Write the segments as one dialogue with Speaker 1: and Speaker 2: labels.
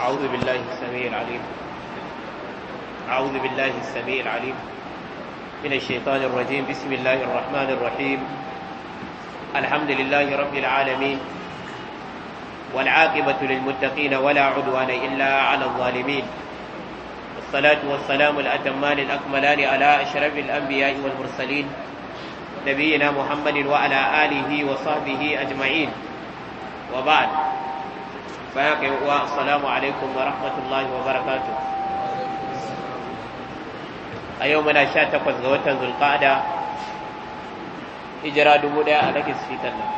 Speaker 1: أعوذ بالله السميع العليم أعوذ بالله السميع العليم من الشيطان الرجيم بسم الله الرحمن الرحيم الحمد لله رب العالمين والعاقبة للمتقين ولا عدوان إلا على الظالمين والصلاة والسلام الأتمان الأكملان على أشرف الأنبياء والمرسلين نبينا محمد وعلى آله وصحبه أجمعين وبعد baya ka yi uwa assalamu alaikum wa rahmatullahi wa barakatuh a yau muna sha takwas ga watan zulqa'ada hijira dubu ɗaya a nake fitar nan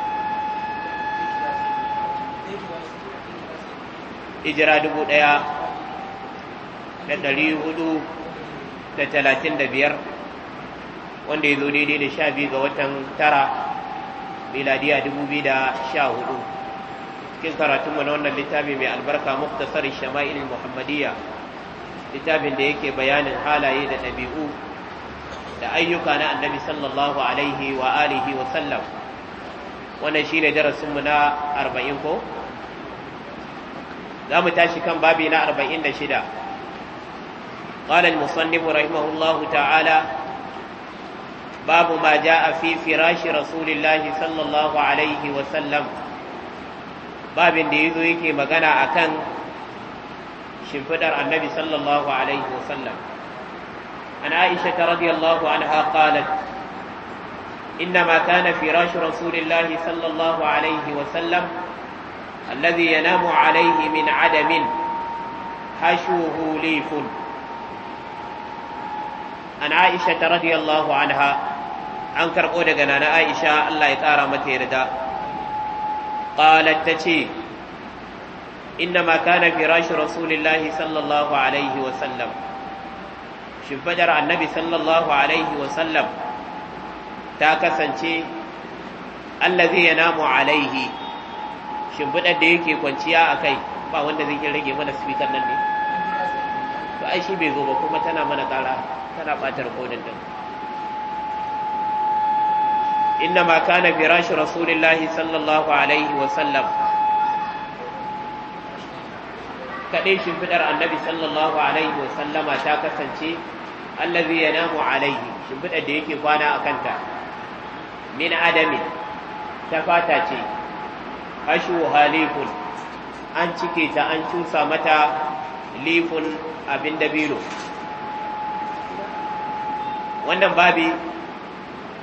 Speaker 1: hijira dubu ɗaya da ɗari hudu da talatin da biyar wanda ya zo daidai da sha biyu ga watan tara miladiya dubu biyu da sha hudu cikin karatunmu na wannan littafi mai albarka muktasar shama'il muhammadiyya littafin da yake bayanin halaye da ɗabi'u da ayyuka na annabi sallallahu alaihi wa alihi wa sallam wannan shine darasinmu na arba'in ko za mu tashi kan babi na arba'in da shida قال المصنف رحمه الله تعالى باب ما جاء في فراش رسول الله صلى الله عليه babin da yazo yake magana akan shimfidar annabi sallallahu alaihi wasallam an aisha radiyallahu anha qalat إنما كان فراش رسول الله صلى الله عليه وسلم الذي ينام عليه من عدم حشوه ليف عن عائشة رضي الله عنها أنكر قودة أنا عائشة الله يتارى متيردا qalat tace inna ma kana firash rasulillahi sallallahu alaihi wa sallam shimfadar annabi sallallahu alaihi wa sallam ta kasance allazi yanamu alaihi shimfidar da yake kwanciya akai ba wanda zai rage mana speaker nan ne to ai shi bai zo ba kuma tana mana kara tana batar kodin din إنما كان فراش رسول الله صلى الله عليه وسلم كدي شنفدر النبي صلى الله عليه وسلم تاكسنشي الذي ينام عليه شنفدر ديكي فانا أكنتا من عدم تفاتاتي أشوها ليف أن تكيتا أن تنسى متى ليف أبن دبيلو wannan babi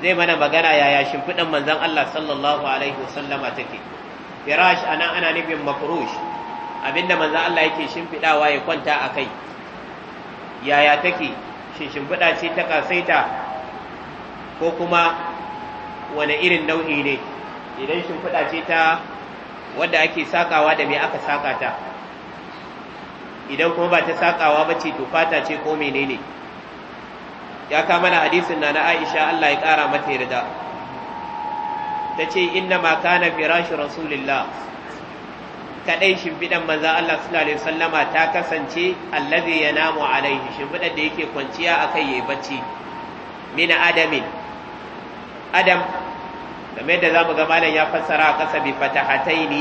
Speaker 1: zai mana magana yaya shimfiɗan manzan Allah sallallahu alaihi wasallama take firash anan ana nufin mafrush abinda manzan Allah yake shimfiɗawa ya kwanta a kai yaya take shin shimfiɗa ce ta kasaita ko kuma wani irin nau'i ne idan shimfiɗa ce ta wadda ake sakawa da me aka saka ta idan kuma ba ta sakawa ba ce to fata ce ko menene ne ya kama na hadisin na na Aisha Allah ya kara mata yarda tace inna ma kana firashi rasulillah kadai shimfidan manzan Allah sallallahu alaihi wasallama ta kasance allazi yanamu alaihi shimfidan da yake kwanciya akai yayi bacci min adamin adam kamar yadda zamu ga malam ya fassara a kasa bi fatahataini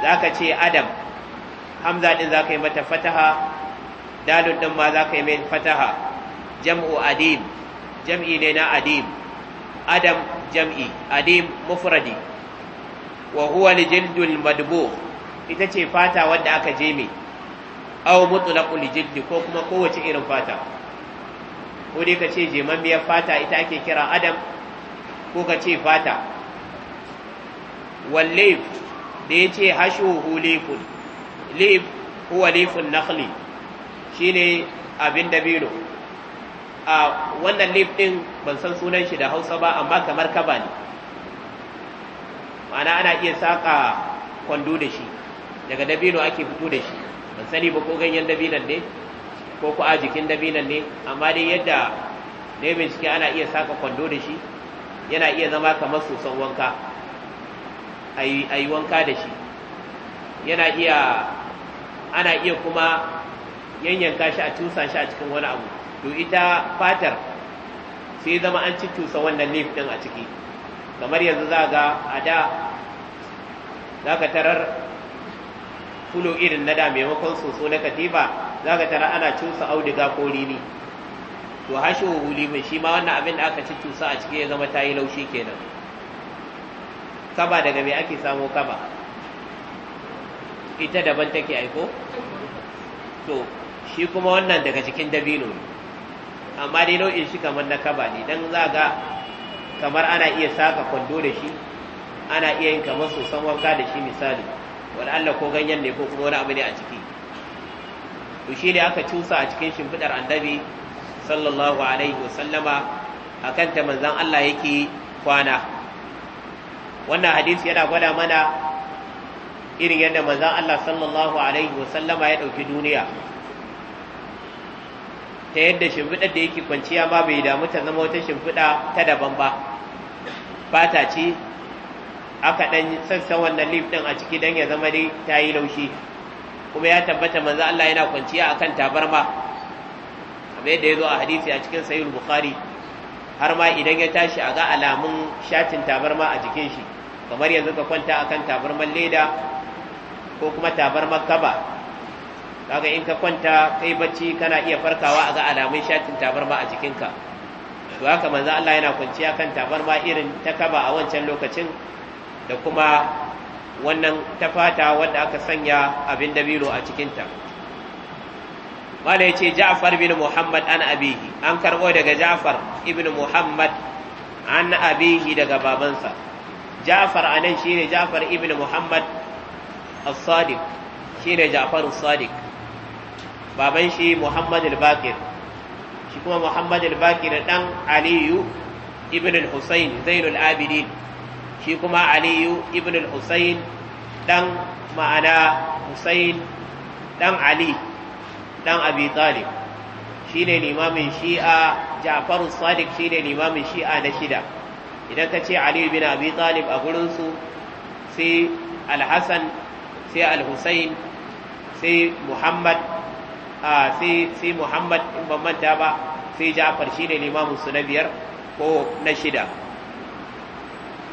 Speaker 1: zaka ce adam hamza din zaka yi mata fataha dalun din ma zaka yi mai fataha jam'u adim jam'i ne na adim adam jam'i adim mufradi wa huwa lijildul madbu ita ce fata wanda aka jeme aw mutlaqu lijildi ko kuma kowace irin fata ko dai ka ce jemammiyar fata ita ake kira adam ko ka ce fata wallif da ya ce hashuhu lifun lif huwa lifun nakhli shine abin dabino a wannan lif din ban san sunan shi da hausa ba amma kamar kaba ne ma'ana ana iya saƙa kwando da shi daga dabino ake fito da shi ban sani ba ko ganyen dabinan ne ko ku a jikin dabinan ne amma dai yadda da ya bincike ana iya saka kwando da shi yana iya zama kamar sosan wanka a yi wanka da shi yana iya ana iya kuma yanyanka shi a tusa shi a cikin wani abu to ita fatar sai zama an cusa wannan leaf ɗin a ciki kamar yanzu za ga a da za ka tarar fulo irin na da maimakon soso na katifa za ka tarar ana cusa auduga ko rini to hashe wuli mai shi ma wannan abin da aka cusa a ciki ya zama ta yi laushi kenan kaba daga mai ake samo kaba ita daban take aiko to shi kuma wannan daga cikin dabino ne amma dai nau'in shi kamar na kaba ne dan za ga kamar ana iya saka kwando da shi ana iya yin kamar sosan wanka da shi misali wani Allah ko ganyen ne ko kuma wani abu ne a ciki to shi ne aka cusa a cikin shimfiɗar annabi sallallahu alaihi wasallama a kan ta manzan Allah yake kwana wannan hadisi yana gwada mana irin yadda manzan Allah sallallahu alaihi wasallama ya ɗauki duniya ta yadda shimfiɗar da yake kwanciya ma bai damu ta zama wata shimfiɗa ta daban ba fata ce aka ɗan sassan wannan lif ɗin a ciki don ya zama dai ta yi laushi kuma ya tabbata manzo Allah yana kwanciya akan tabarma kamar yadda ya zo a hadisi a cikin sahih bukhari har ma idan ya tashi a ga alamun shatin tabarma a jikin shi kamar yanzu ka kwanta akan tabarman leda ko kuma tabarman kaba kaga in ka kwanta kai bacci kana iya farkawa a ga alamun shatin tabarma a jikinka to haka manzo Allah yana kwanciya kan tabarma irin ta kaba a wancan lokacin da kuma wannan ta fata wanda aka sanya abin dabino a cikinta mala yace ce ja'far bin muhammad an abihi an karɓo daga ja'far ibn muhammad an abihi daga babansa ja'far anan shine ja'far ibn muhammad as-sadiq shine ja'far as-sadiq baban shi Muhammad al-Baqir shi kuma Muhammad al-Baqir dan Aliyu ibn al-Husayn Zainul Abidin shi kuma Aliyu ibn al-Husayn dan ma'ana Husayn dan Ali dan Abi Talib shine limamin Shi'a Ja'far sadiq shine limamin Shi'a na shida idan ka ce Ali bin Abi Talib a gurin su sai Al-Hasan sai Al-Husayn sai Muhammad sai muhammad in ban manta ba sai ja'far shine limamin su na biyar ko na shida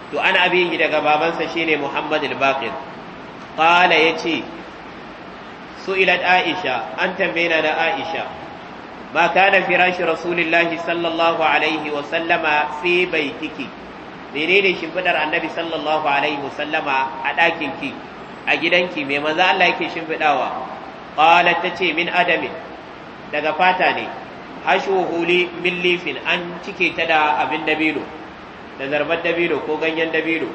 Speaker 1: to an abihi daga babansa shine muhammad al-baqir qala yace su'ilat aisha an tambayna da aisha ma kana firashi rasulillahi sallallahu alaihi wa sallama fi baitiki menene shimfidar annabi sallallahu alaihi wa sallama a ɗakin ki a gidanki mai maza Allah yake shimfidawa ta tace min adamin. daga fata ne ashuhu li min lifin an cike ta da abin dabino da zarbar dabino ko ganyen dabino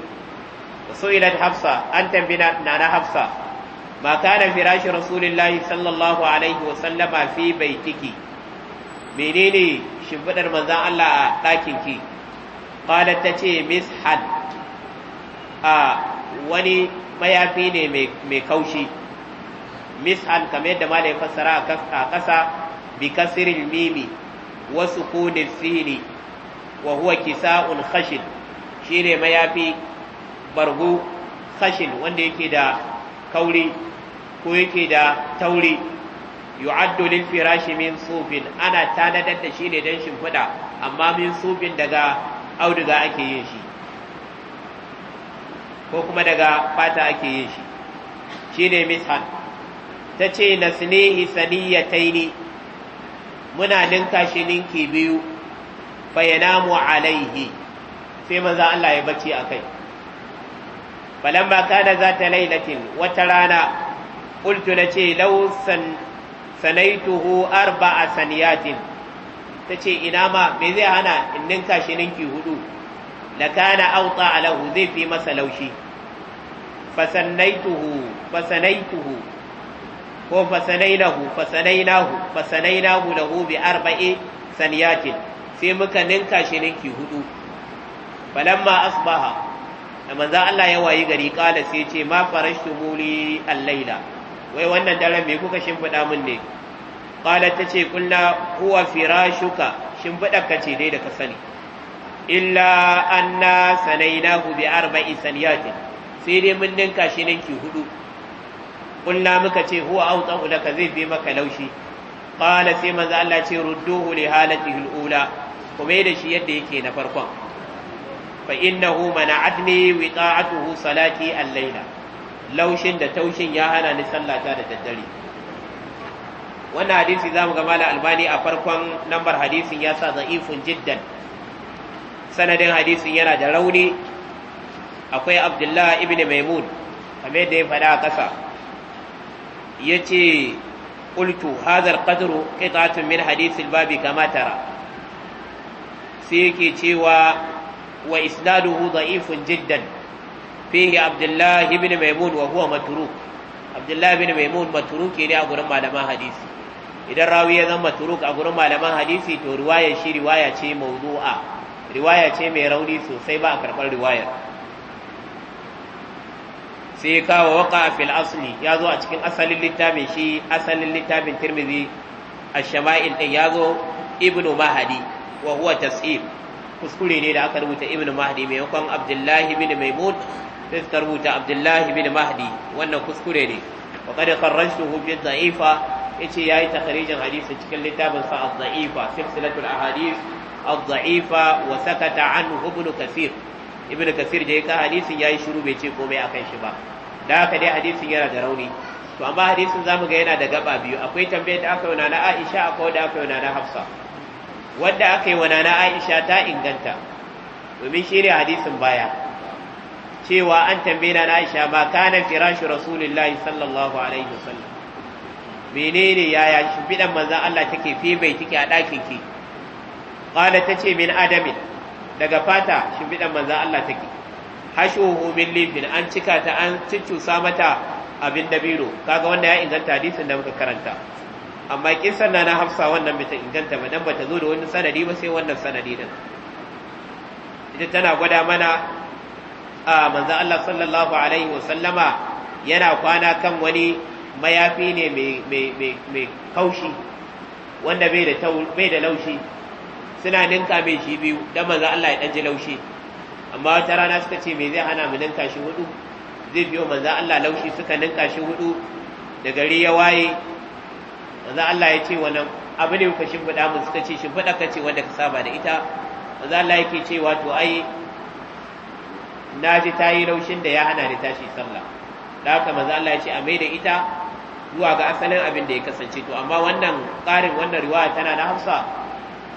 Speaker 1: su'ilat hafsa an na na hafsa ma kana firashi rasulillahi sallallahu alaihi wa sallama fi baitiki menene shimfidar manzan Allah a ɗakin ki ce Miss mishad a wani mayafi ne mai kaushi mis'al kamar yadda malai fassara a ƙasa bi kasril mimi wasu sukunil sini wa huwa kisa'un khashin shine mayafi bargu khashin wanda yake da kauri ko yake da tauri yu'addu lil firashi min sufin ana tanadar da shi ne dan shimfiɗa amma min sufin daga auduga ake yin shi ko kuma daga fata ake yin shi shine mishan ta ce na sinihi yi ne muna ninka shi ninki biyu bayyana mu alaihi sai maza Allah ya bacci a kai balan ba kana za ta lailatin wata rana ƙultu na ce lausan sanaituhu arba a saniyatin ta ce ina ma me zai hana in ninka shi ninki hudu la kana auta alahu zai fi masa laushi fasanai tuhu. ko fasalainahu fasalainahu fasalainahu lahu bi arba'i saniyatin sai muka ninka shi ninki hudu falamma asbaha da manzo Allah ya wayi gari kala sai ce ma farashtu muli al-laila wai wannan daren me kuka shimfida mun ne kala tace kulna huwa firashuka shimfida ce dai da ka sani illa anna sanainahu bi arba'i saniyatin sai dai mun ninka shi ninki hudu qulna muka ce huwa awtau laka zai bi maka laushi qala sai manzo Allah ce rudduhu li halatihi al-ula kuma da shi yadda yake na farkon fa innahu mana'atni wa ta'atuhu salati al-laila laushin da taushin ya hana ni sallata da daddare wannan hadisi zamu ga malam albani a farkon lambar hadisin ya sa za'ifun jiddan sanadin hadisin yana da rauni akwai abdullah ibn maimun kame da ya faɗa a ƙasa yace qultu hadha al-qadru qit'atun min hadith al-babi kama tara sai yake cewa wa isnaduhu da'ifun jiddan fihi abdullah ibn maimun wa huwa matruk abdullah ibn maimun matruk ne a gurin malaman hadisi idan rawi ya zama matruk a gurin malaman hadisi to riwaya shi riwaya ce mawdu'a riwaya ce mai rauni sosai ba a karɓar riwayar sai kawo waka asli ya zo a cikin asalin littafin shi asalin littafin tirmidhi a shamail din ya zo ibnu mahdi wa huwa tasir. kuskure ne da aka rubuta ibnu mahdi maimakon abdullahi bin maimun sai suka rubuta abdullahi bin mahdi wannan kuskure ne wa qad za'ifa ya ce yace yayi takharijin hadisin cikin littafin sa az-za'ifa silsilatul ahadith az-za'ifa wa sakata anhu ibn kathir ibn kathir da ka hadisin yayi shiru bai ce komai akan shi ba da haka dai hadisin yana da rauni to amma hadisin zamu ga yana da gaba biyu akwai tambayar da aka yi wa na Aisha akwai da aka yi wa na Hafsa wanda aka yi wa na Aisha ta inganta domin shi ne hadisin baya cewa an tambaye na Aisha ma kana firashu rasulullahi sallallahu alaihi wasallam menene yaya shimfidan manzon Allah take fi bai take a ɗakin ki qala tace min adamin daga fata shimfidan manzon Allah take hashuhu min lifin an cika ta an ciccusa mata abin dabiro kaga wanda ya inganta hadisin da muka karanta amma kisan na na hafsa wannan bata inganta ba dan bata zo da wani sanadi ba sai wannan sanadi din ita tana gwada mana a manzo Allah sallallahu alaihi wa sallama yana kwana kan wani mayafi ne mai kaushi wanda bai da laushi suna ninka mai shi biyu dan manzo Allah ya dan ji laushi amma wata rana suka ce me zai hana mu ninka shi hudu zai biyo manzo Allah laushi suka ninka shi hudu da gari ya waye manzo Allah ya ce wannan abu ne kuka shimfiɗa mu suka ce shimfiɗa ka ce wanda ka saba da ita manzo Allah yake ce wato ai na ji ta yi laushin da ya hana ni tashi sallah da haka manzo Allah ya ce a mai da ita zuwa ga asalin abin da ya kasance to amma wannan ƙarin wannan riwaya tana na Hafsa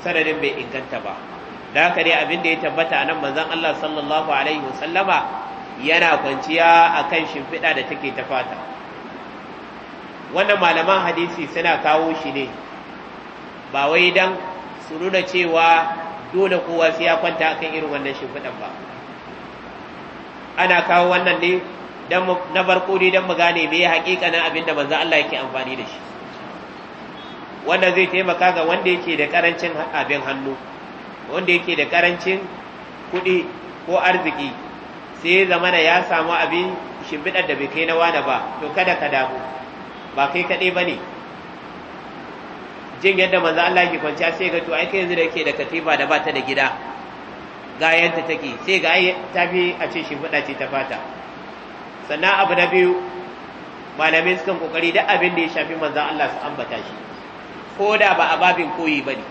Speaker 1: sanadin bai inganta ba da haka dai abin da ya tabbata nan manzon Allah sallallahu alaihi wasallama yana kwanciya akan shimfiɗa da take ta fata wannan malaman hadisi suna kawo shi ne ba wai dan su nuna cewa dole kowa sai ya kwanta akan irin wannan shimfiɗan ba ana kawo wannan ne na farko ne dan mu gane me ya hakikanin abin da manzon Allah yake amfani da shi wannan zai taimaka ga wanda yake da karancin abin hannu wanda yake da karancin kuɗi ko arziki sai ya zamana ya samu abin shimbiɗar da bai kai na wane ba to kada ka damu ba kai kaɗai ba ne jin yadda manzo Allah ke kwanciya sai ga to ai kai yanzu da yake da katiba da bata da gida ga yanta take sai ga ai fi a ce shimbiɗa ce ta fata sannan abu na biyu malamai sukan kokari da abin da ya shafi manzo Allah su ambata shi ko da ba a babin koyi ba ne.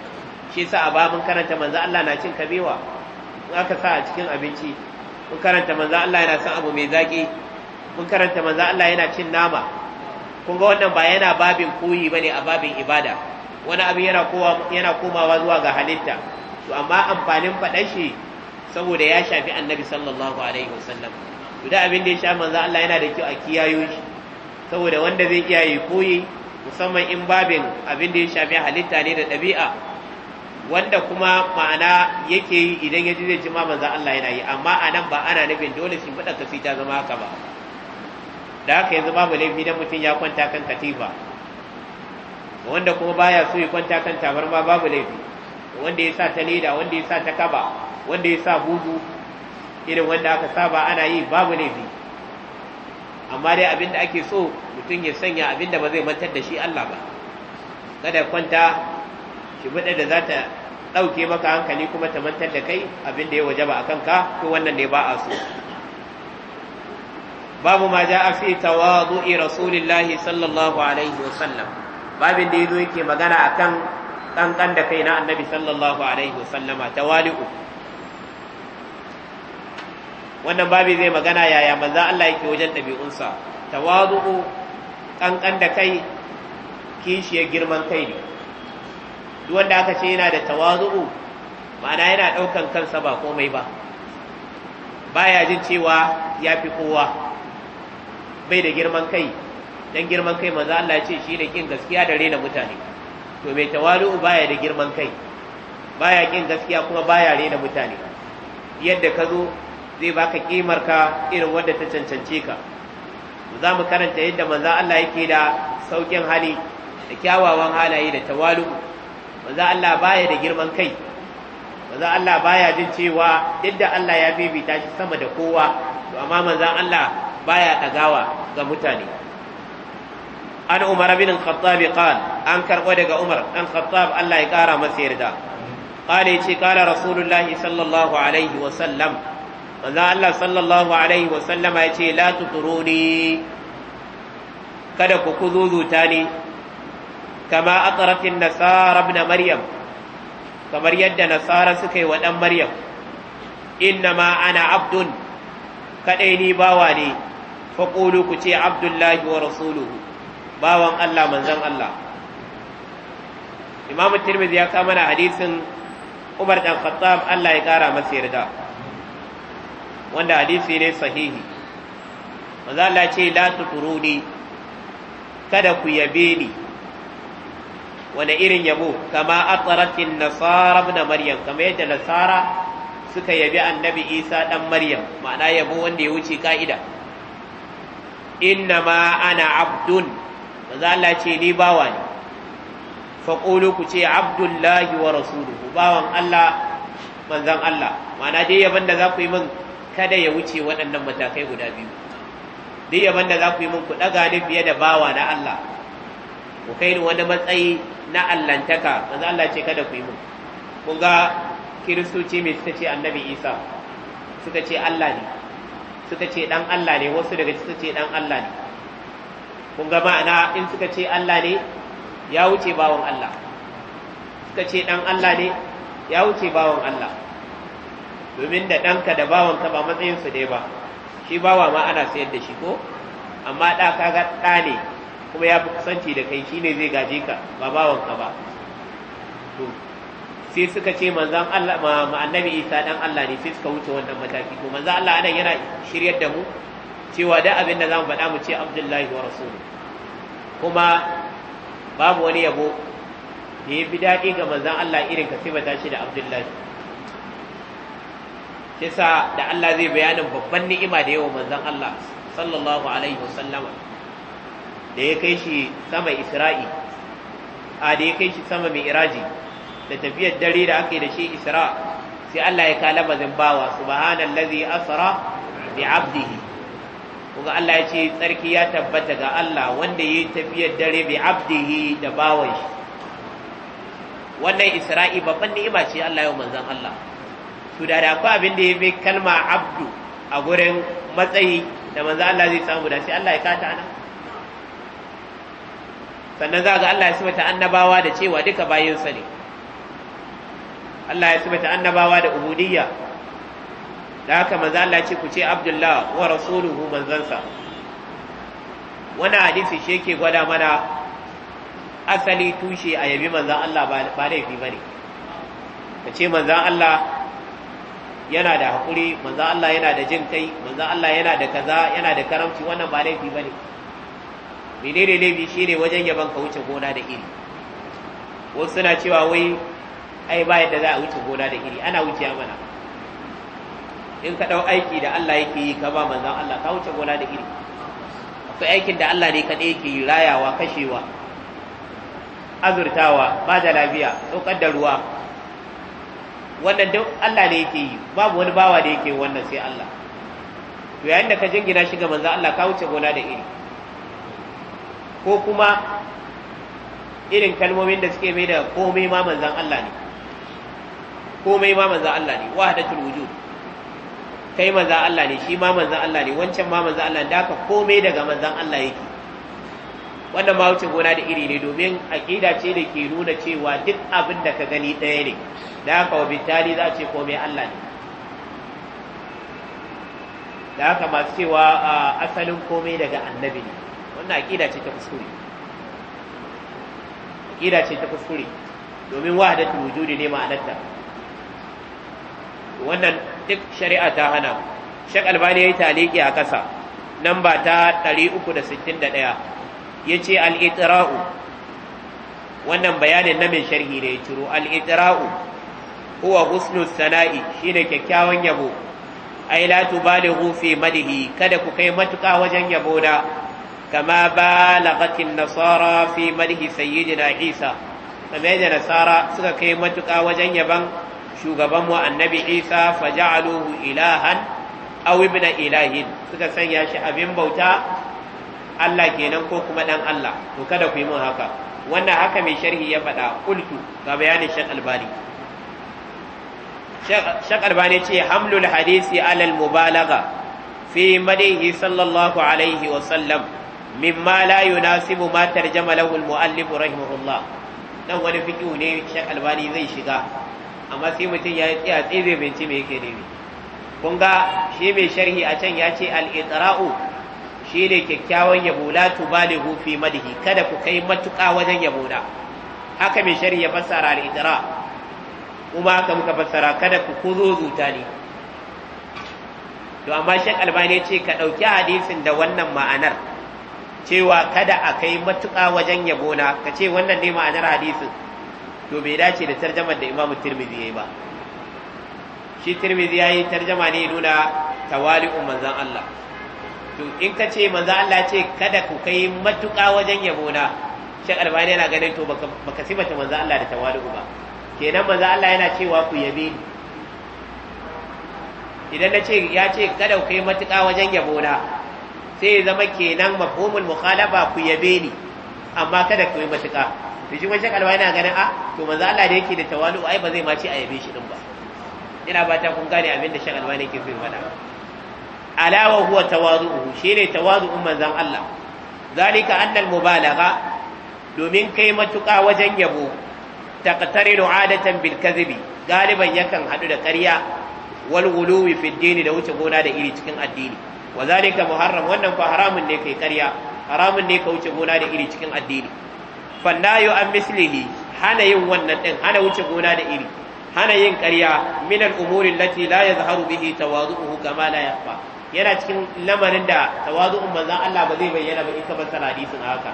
Speaker 1: shi sa a babin karanta manzo Allah na cin kabewa in aka sa a cikin abinci mun karanta manzo Allah yana son abu mai zaki mun karanta manzo Allah yana cin nama kun ga wannan ba yana babin koyi bane a babin ibada wani abu yana yana komawa zuwa ga halitta to amma amfanin faɗan shi saboda ya shafi annabi sallallahu alaihi wasallam to da abin da ya sha manzo Allah yana da kyau a kiyayo shi saboda wanda zai kiyaye koyi musamman in babin abin da ya shafi halitta ne da ɗabi'a wanda kuma ma'ana yake yi idan ya ji zai ji manzan Allah yana yi amma a nan ba ana nufin dole shi faɗa kasi ta zama haka ba da haka yanzu babu laifi don mutum ya kwanta kan katifa wanda kuma baya so ya kwanta kan tabarma babu laifi wanda ya sa ta leda wanda ya sa ta kaba wanda ya sa budu irin wanda aka saba ana yi babu laifi amma dai abin da ake so mutum ya sanya abin da ba zai mantar da shi Allah ba kada kwanta shimfiɗa da za ta ɗauke maka hankali kuma ta mantar da kai abin da ya waje ba a kanka ko wannan ne ba a so babu ma ja a fi tawadu'i rasulillahi sallallahu alaihi wa sallam babin da yazo yake magana akan kankan da kai na annabi sallallahu alaihi wa sallama tawali'u wannan babi zai magana yaya manzo Allah yake wajen ɗabi'unsa tawadu'u kankan da kai kishiyar girman kai ne duk wanda aka ce yana da tawazu'u ma'ana yana ɗaukan kansa ba komai ba baya jin cewa ya fi kowa bai da girman kai dan girman kai manzo Allah ya ce shi ne kin gaskiya da rena mutane to mai tawalu'u baya da girman kai baya kin gaskiya kuma baya rena mutane yadda ka zo zai baka kimar ka irin wanda ta cancance ka za mu karanta yadda manzo Allah yake da saukin hali da kyawawan halaye da tawalu'u manzo Allah baya da girman kai manzo Allah baya jin cewa yadda Allah ya bibita shi sama da kowa to amma manzo Allah baya dagawa ga mutane an Umar bin Khattab qal an karbo daga Umar dan Khattab Allah ya kara masa yarda qala yace qala rasulullahi sallallahu alaihi wa sallam manzo Allah sallallahu alaihi wa sallama yace la tuturuni kada ku kuzuzuta ni kama aqratin nasara ibn maryam kamar yadda nasara suka yi wa dan maryam innama ana abdun kadai ni bawa ne fa qulu ku ce abdullahi wa rasuluhu bawan Allah manzon Allah Imam Tirmidhi ya kama mana hadisin Umar dan Khattab Allah ya kara masa yarda wanda hadisi ne sahihi manzo Allah ce la tuturuni kada ku yabe ni wani irin yabo kama atsaratin nasara na maryam kama yadda nasara suka yabi annabi isa dan maryam ma'ana yabo wanda ya wuce ka'ida inna ma ana abdun maza Allah ce ni bawa ne faƙulu ku ce abdullahi wa rasuluhu bawan Allah manzan Allah ma'ana dai yaban da za ku yi min kada ya wuce waɗannan matakai guda biyu duk yaban da za ku yi min ku ɗaga ni fiye da bawa na Allah ku kai ni wani matsayi na allantaka manzo Allah ce kada ku yi mun kun ga kiristoci mai suka ce annabi isa suka ce Allah ne suka ce dan Allah ne wasu daga suka ce dan Allah ne kun ga ma'ana in suka ce Allah ne ya wuce bawon Allah suka ce dan Allah ne ya wuce bawon Allah domin da ɗanka da bawanka ba matsayinsu ne ba shi bawa ma ana sayar da shi ko amma ɗa kaga ɗa ne kuma ya fi kusanci da kai shine zai gaje ka ba bawanka ba to sai suka ce manzan Allah ma annabi Isa dan Allah ne sai suka wuce wannan mataki to manzan Allah anan yana shiryar da mu cewa da abin da zamu faɗa mu ce Abdullahi wa rasulu kuma babu wani yabo da ya fi daɗi ga manzan Allah irin ka sai sifata shi da Abdullahi kisa da Allah zai bayanin babban ni'ima da yawa manzan Allah sallallahu alaihi sallama. da ya kai shi sama isra'i a da ya kai shi sama mai iraji da tafiyar dare da aka yi da shi isra sai Allah ya kala mazin bawa subhanallazi asra bi abdihi kuma Allah ya ce tsarki ya tabbata ga Allah wanda ya yi tafiyar dare bi abdihi da bawan shi wannan isra'i babban ni'ima ce Allah ya manzan Allah Su da da abin da ya bi kalma abdu a gurin matsayi da manzan Allah zai samu da sai Allah ya kata sannan za ga Allah ya sifata annabawa da cewa duka bayansa ne Allah ya sifata annabawa da ubudiyya da haka manzo Allah ce ku ce Abdullah wa rasuluhu manzansa Wani hadisi shi yake gwada mana asali tushe a yabi manzan Allah ba laifi bane ka ce manzan Allah yana da haƙuri manzan Allah yana da jin kai manzan Allah yana da kaza yana da karamci wannan ba laifi bane ne menene laifi shine wajen yaban ka wuce gona da iri wasu suna cewa wai ai ba yadda za a wuce gona da iri ana wuce mana in ka ɗau aiki da Allah yake yi ka ba manzon Allah ka wuce gona da iri akwai aikin da Allah ne kaɗai yake yi rayawa kashewa azurtawa ba da lafiya saukar da ruwa wannan duk Allah ne yake yi babu wani bawa da yake wannan sai Allah to yayin da ka jingina shi ga manzon Allah ka wuce gona da iri ko kuma irin kalmomin da suke mai da komai ma manzan Allah ne komai ma manzan Allah ne wahdatul wujud kai manzan Allah ne shi ma manzan Allah ne wancan ma manzan Allah ne da komai daga manzan Allah yake wannan ma wuce gona da iri ne domin aqida ce da ke nuna cewa duk abin da ka gani ɗaya ne da haka wa za a ce komai Allah ne da haka masu cewa ah, asalin komai daga annabi ne wannan aƙida ce ta kuskure aƙida ce ta kuskure domin wujudi ne ma'anarta wannan duk shari'a ta hana shek albani ya yi taliki a ƙasa nan ba ta 361 ya ce al'itira'u wannan bayanin na mai sharhi ne ya ciro al'itira'u huwa Husnus sana'i shine kyakkyawan yabo ai la tubalighu fi madhi kada ku kai matuka wajen yabo da kama balagatin nasara fi madhi sayyidina isa kamar da nasara suka kai matuka wajen yaban shugabanmu annabi isa faja'aluhu ilahan aw ibna ilahin suka sanya shi abin bauta Allah kenan ko kuma dan Allah to kada ku yi mun haka wannan haka mai sharhi ya faɗa qultu ga bayanin Sheikh Albani Sheikh ce hamlul hadisi alal mubalaga fi madihi sallallahu alaihi wa sallam mimma la yunasibu ma tarjama lahu al-muallif rahimahullah dan wani fiqhu ne Sheikh Albani zai shiga amma sai mutum ya yi tsaya tsaye bai binci me yake nemi kun ga shi mai sharhi a can ya ce al-itra'u shine kyakkyawan yabo la tubalighu fi madhi kada ku kai matuƙa wajen yabo da haka mai sharhi ya fassara al-itra kuma haka muka fassara kada ku kuzo zuta ne to amma Sheikh Albani ya ce ka dauki hadisin da wannan ma'anar cewa kada a kai matuƙa wajen yabona ka ce wannan ne ma'anar hadisin to bai dace da tarjamar da imamu tirmidhi yayi ba shi tirmidhi yayi tarjama ne nuna tawali'un manzon Allah to in ka ce manzon Allah ce kada ku kai matuƙa wajen yabona shi albani yana ganin to baka sifata manzon Allah da tawali'u ba kenan manzon Allah yana cewa ku yabe ni idan na ce ya ce kada ku kai matuƙa wajen yabona sai ya zama kenan mafhumul mukhalafa ku yabe ni amma kada ku yi matuƙa to shi wancan kalma yana ganin a ah, to manzo Allah da yake da tawalu ai ba zai ma ci a yabe shi din ba ina ba ta kun gane abin da shi ne ke so faɗa ala wa huwa tawazu'u shine tawazu'un manzon Allah zalika annal mubalagha domin kai matuƙa wajen yabo taqtaridu adatan bil kadhibi galiban yakan hadu da ƙarya wal ghuluwi fi da wuce gona da iri cikin addini wa zalika muharram wannan fa haramun ne kai ƙarya haramun ne ka wuce gona da iri cikin addini fannayo an mislihi hana yin wannan din hana wuce gona da iri hana yin ƙarya min al-umuri allati la yazharu bihi tawadu'uhu kama la yaqfa yana cikin lamarin da tawadu'un manzon Allah ba zai bayyana ba in ka bar hadisin haka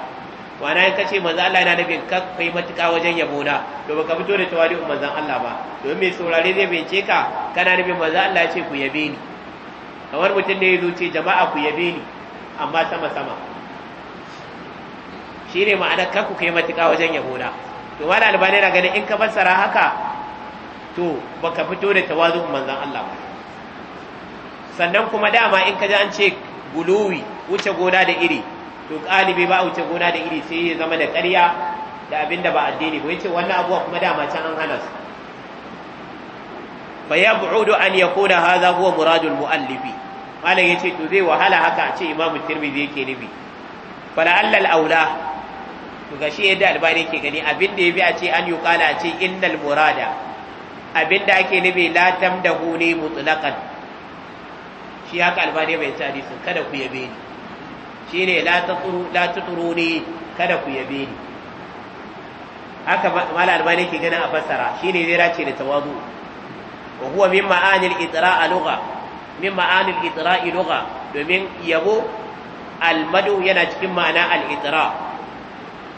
Speaker 1: wana in kace manzon Allah yana nufin ka kai matuƙa wajen yabo na to baka fito da tawadu'un manzon Allah ba domin mai saurare zai bayyance ka kana nufin manzon Allah ya ce ku yabe ni kamar mutum ne ya zo ce jama'a ku yabe ni amma sama sama shi ne ma'anar kanku kai matuƙa wajen yabona to wani albani na ganin in ka basara haka to baka fito da tawazu manzan Allah ba sannan kuma dama in ka ji an ce guluwi wuce gona da iri to ƙalibi ba wuce gona da iri sai ya zama da ƙarya da abinda da ba addini ba yace wannan abuwa kuma dama can an hana su fa yab'udu an yakuna hadha huwa muradul muallifi malam yace to zai wahala haka a ce imamu tirmidhi yake nufi fala allal aula to gashi yadda albani yake gani abin da yabi a ce an yuqala a ce innal murada abin da ake nufi la tamdahu ne mutlaqan shi haka albani bai ta hadisin kada ku yabe ni shine la taturu la tuturu ne kada ku yabe ni haka mala albani yake gani a fassara shine zai race da tawazu. wa huwa min ma'anil itra'a lugha domin yabo almadu yana cikin ma'ana al-itra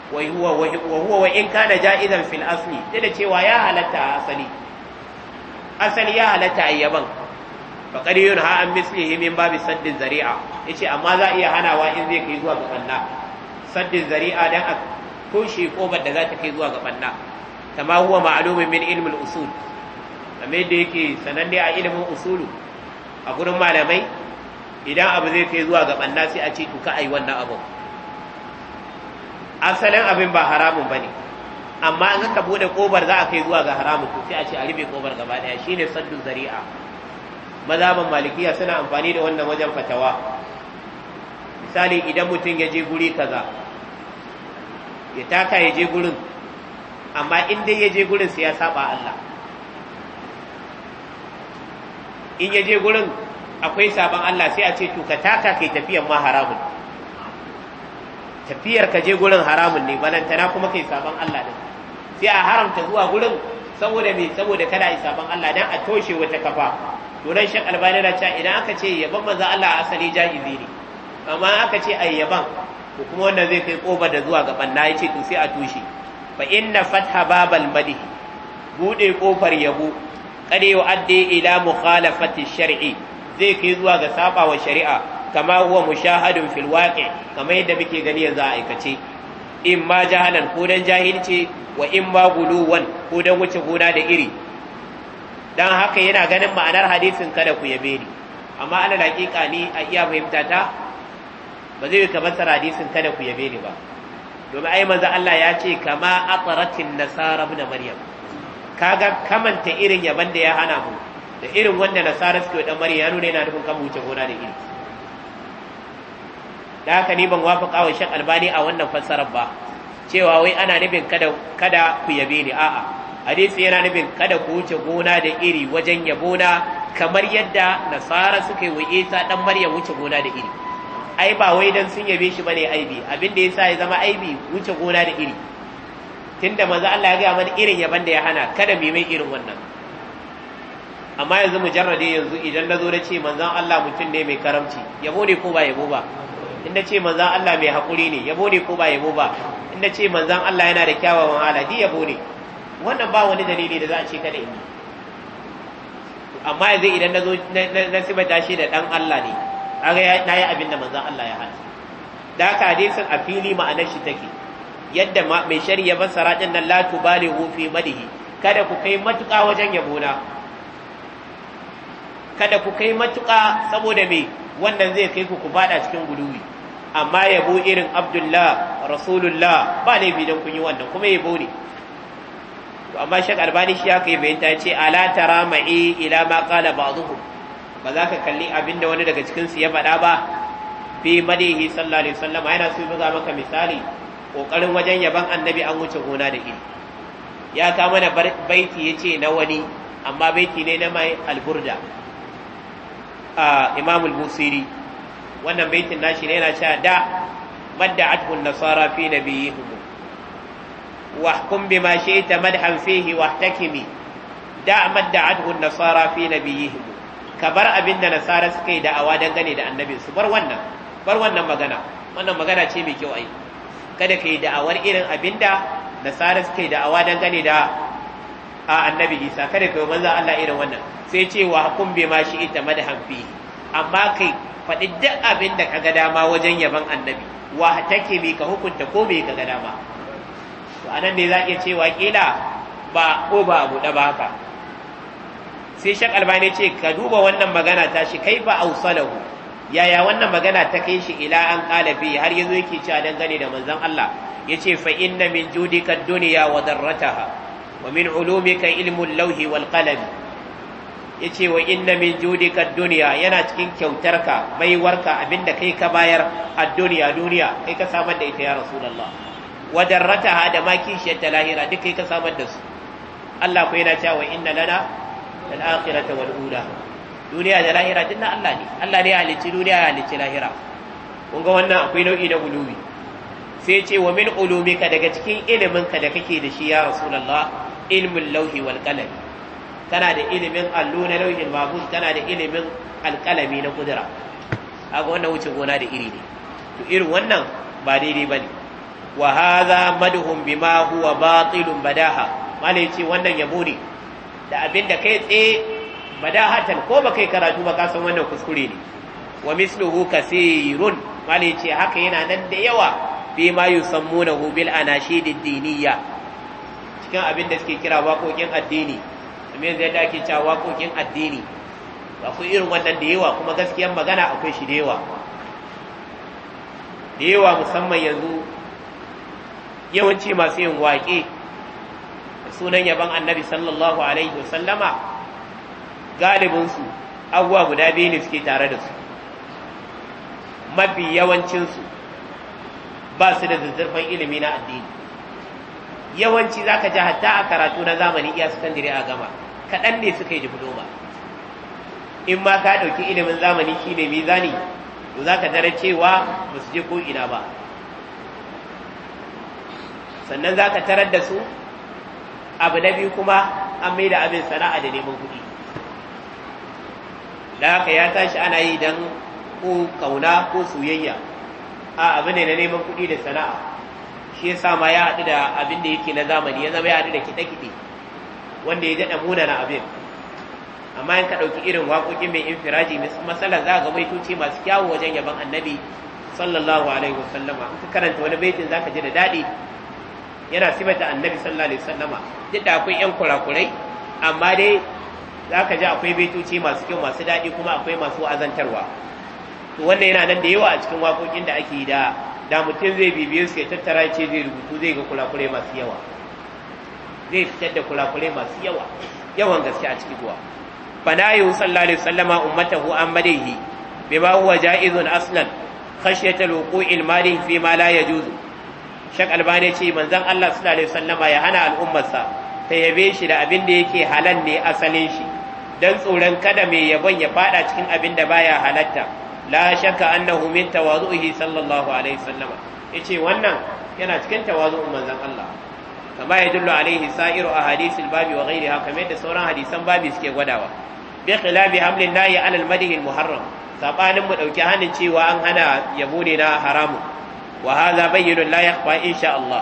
Speaker 1: wa huwa wa in kana ja'izan fil asli cewa ya halatta asali asali ya halatta ayyaban faqad yunha an mislihi min babi saddin zari'a yace amma za iya hanawa in zai kai zuwa ga banna saddin zari'a dan a toshe kobar da za kai zuwa ga banna kama huwa min usul kamar yadda yake sananne a ilimin usulu a gurin malamai idan abu zai kai zuwa ga banna sai a ce to ka ai wannan abu asalin abin ba haramun bane amma in ka bude kobar za a kai zuwa ga haramun to sai a ce a rufe kobar gaba daya shine saddu zari'a mazaban malikiya suna amfani da wannan wajen fatawa misali idan mutum ya je guri kaza ya taka ya je gurin amma in dai ya je gurin sai ya saba Allah in ya je gurin akwai sabon Allah sai a ce to ka taka kai tafiyar ma haramun tafiyar ka je gurin haramun ne balantana kuma kai sabon Allah din sai a haramta zuwa gurin saboda me saboda kada yi sabon Allah dan a toshe wata kafa to dan shek albani na cewa idan aka ce yaban manzo Allah asali jaizi ne amma aka ce ai yaban to kuma wanda zai kai koba da zuwa gaban na yace to sai a toshe fa inna fatha babal madhi bude kofar yabo qad yu'addi ila mukhalafati shar'i zai kai zuwa ga sabawa shari'a kama huwa mushahadun fil waqi kamar yadda muke gani yanzu a aikace in ma jahalan ko dan jahilci wa in ma guluwan ko dan wuce gona da iri dan haka yana ganin ma'anar hadisin kada ku yabe ni amma ana hakika ni a iya fahimtata, ta ba zai ka fassara hadisin kada ku yabe ni ba domin ai manzo Allah ya ce kama ataratin nasara ibn maryam kaga kamanta irin yaban da ya hana mu da irin wanda nasara suke dan mari ya nuna yana nufin kan wuce gona da iri da haka ni ban wafaka wa shek albani a wannan fassarar ba cewa wai ana nufin kada kada ku yabe ni a'a hadisi yana nufin kada ku wuce gona da iri wajen yabona kamar yadda nasara suka yi wa isa dan maryam wuce gona da iri ai ba wai dan sun yabe shi bane aibi abin da yasa ya zama aibi wuce gona da iri tunda manzo Allah ya gaya mana irin yaban da ya hana kada mu mai irin wannan amma yanzu mujarrade yanzu idan na zo na ce manzon Allah mutum ne mai karamci yabo ne ko ba yabo ba in na ce manzon Allah mai haƙuri ne yabo ne ko ba yabo ba in na ce manzon Allah yana da kyawawan aladi yabo ne wannan ba wani dalili da za a ce kada in amma yanzu idan na zo na shi da dan Allah ne kaga na yi abin da manzon Allah ya hana da haka hadisin a fili ma'anar shi take yadda mai shari ya fassara din nan ba ne hufi madihi kada ku kai matuƙa wajen yabona kada ku kai matuƙa saboda me wannan zai kai ku ku bada cikin guduwi amma yabo irin abdullah rasulullah ba laifi don kun yi wannan kuma yabo ne amma shek albani shi ya kai bayanta ce ala tara ma'i ila ma qala ba'dhum ba za ka kalli abin da wani daga cikin su ya faɗa ba fi madihi sallallahu alaihi wasallam yana so ya buga maka misali ƙoƙarin wajen yaban annabi an wuce gona da iri ya kama da baiti ya ce na wani amma baiti ne na mai alburda a imamul musiri wannan baitin nashi ne na cewa da madda madda'atun nasara fi nabiyihim واحكم بما شئت مدحا فيه واحتكمي دع ما ادعته النصارى في نبيهم كبر ابن نصارى سكي دعوا دغني da annabi su bar wannan bar wannan magana wannan magana ce mai kyau ai kada ka yi da'awar irin abin abinda nasara suka yi da'awa gane da a annabi isa kada ka yi manzan Allah irin wannan sai ce wa hakun bai ma shi ita mada fi amma kai faɗi duk abin da ka ga dama wajen yaban annabi wa take mai ka hukunta ko mai ka ga dama to anan ne za iya cewa kila ba ko ba abu da ba haka sai shak albani ce ka duba wannan magana ta shi kai ba ausalahu yaya wannan magana ta kai shi ila an qala har yanzu yake cewa dangane da manzon Allah yace fa inna min judika dunya wa darrataha wa min ulumika ilmu al-lawhi wal qalam yace wa inna min judika dunya yana cikin kyautarka baiwarka abinda kai ka bayar a duniya duniya kai ka samar da ita ya rasulullah wa darrataha da ma kishiyar ta lahira duk kai ka samar da su Allah ko yana cewa inna lana al-akhirata wal ula duniya da lahira duk na Allah ne Allah ne ya halicci duniya ya halicci lahira kun ga wannan akwai nau'i na ulumi sai ce wa min ulumika daga cikin ilimin ka da kake da shi ya rasulullah ilmul lauhi wal qalam kana da ilimin allo na lauhin mahfuz kana da ilimin alqalami na kudura kaga wannan wuce gona da iri ne to irin wannan ba daidai bane wa hadha madhum bima huwa batilun badaha malai ce wannan yabo ne da abinda kai tsaye badahatan ko ba kai karatu ba ka san wannan kuskure ne wa misluhu kasirun mali ce haka yana nan da yawa fi ma yusammunahu bil anashid ad-diniyya cikin abin da suke kira waƙoƙin addini kuma yanzu yadda ake cewa waƙoƙin addini ku irin wannan da yawa kuma gaskiyar magana akwai shi da yawa da yawa musamman yanzu yawanci masu yin waƙe sunan yaban annabi sallallahu alaihi wasallama galibinsu abubuwa guda biyu ne suke tare da su mafi yawancinsu ba su da zazzurfan ilimi na addini yawanci za ka ji hatta a karatu na zamani iya su sakandare a gama kaɗan ne suka yi diploma in ma ka ɗauki ilimin zamani shi ne mizani to za ka cewa ba su je ko ina ba sannan za ka tarar da su abu na biyu kuma an mai da abin sana'a da neman kuɗi da haka ya tashi ana yi dan ko kauna ko soyayya a abin ne na neman kuɗi da sana'a shi yasa ma ya haɗu da abin da yake na zamani ya zama ya haɗu da kiɗe-kiɗe wanda ya daɗa muna na abin amma in ka ɗauki irin waƙoƙi mai infiraji masalan za ga baitoci masu kyawu wajen yaban annabi sallallahu alaihi wasallama in ka karanta wani baitin zaka ji da daɗi yana sifata annabi sallallahu alaihi wasallama duk da akwai 'yan kurakurai amma dai za ka ji akwai baitoci masu kyau masu daɗi kuma akwai masu azantarwa to wannan yana nan da yawa a cikin waƙoƙin da ake da da mutum zai bibiye su ya tattara ce zai rubutu zai ga kulakulai masu yawa zai fitar da kulakulai masu yawa yawan gaske a cikin kuwa fanayu sallallahu alaihi wasallama ummatahu an madaihi bima huwa jaizun aslan khashyatal wuqu'il mali fi ma la yajuzu shak albani ce manzon Allah sallallahu alaihi wasallama ya hana al'ummarsa ta yabe shi da abin da yake halal ne asalin shi dan tsoron kada mai yabon ya fada cikin abin da baya halatta la shakka annahu min tawazuhi sallallahu alaihi wasallam yace wannan yana cikin tawazu'un manzon Allah kama ya dullu alaihi sa'iru a babi wa ghairiha kamar da sauran hadisan babi suke gwadawa bi khilafi hamlin nahi ala al-madhi al-muharram sabanin mu dauki hanin cewa an hana yabo ne na haramu wa hadha bayyinun la yakhfa insha Allah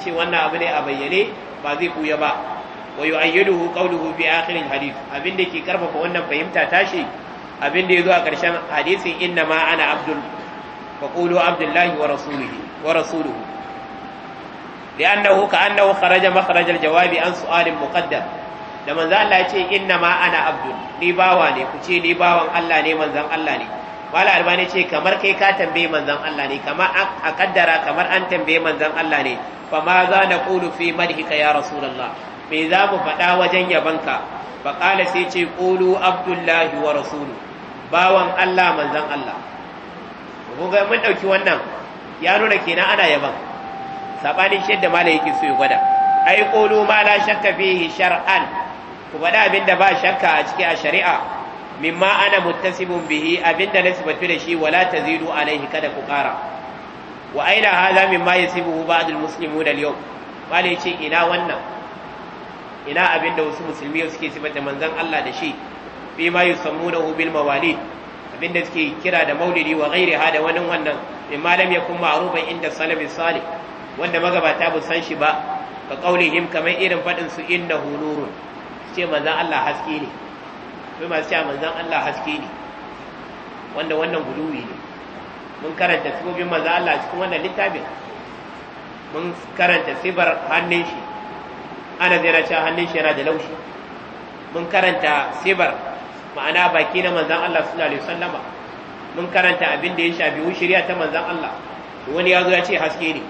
Speaker 1: ce wannan abu ne a bayyane ba zai buya ba wa yu'ayyiduhu qawluhu bi akhirin hadith abin da ke karfafa wannan fahimta tashi abin da yazo a ƙarshen hadisin inna ma ana abdul fa abdullahi wa rasulihi wa rasuluhu li'annahu ka'annahu kharaja makhraj al-jawabi an su'alin muqaddam da manzo Allah ya ce inna ma ana abdul ni bawa ne ku ce ni bawan Allah ne manzon Allah ne wala albani ce kamar kai ka tambaye manzon Allah ne kamar a kaddara kamar an tambaye manzon Allah ne fa ma za na qulu fi madhika ya rasulullah me za mu faɗa wajen yabanka fa qala sai ce qulu abdullahi wa rasulu bawan Allah manzon Allah ko ga mun dauki wannan ya nuna kenan ana yaban sabanin da malai yake so ya gwada ai qulu ma la shakka fihi shar'an ku faɗa abinda ba shakka a ciki a shari'a mimma ana muttasibun bihi abinda na da shi wala tazidu alaihi kada ku ƙara wa aina hadha mimma yasibuhu ba'd almuslimun al bale yace ina wannan ina abinda wasu musulmi suke sifata manzon Allah da shi fi ma yusammunahu bil mawalid abinda suke kira da maulidi wa ghairi hada wannan wannan mimma lam yakun ma'rufan inda salafis salih wanda magabata bu san shi ba ka kaulihim kamar irin faɗin su inda nurun ce manzon Allah haske ne akwai masu cewa manzan Allah haske ne wanda wannan guluwi ne mun karanta sifofin manzan Allah cikin wannan littafin mun karanta sifar hannun shi ana zai cewa hannun shi yana da laushi mun karanta sifar ma'ana baki na manzan Allah sallallahu alaihi wasallama mun karanta abin da ya shafi shari'a ta manzan Allah wani ya zo ya ce haske ne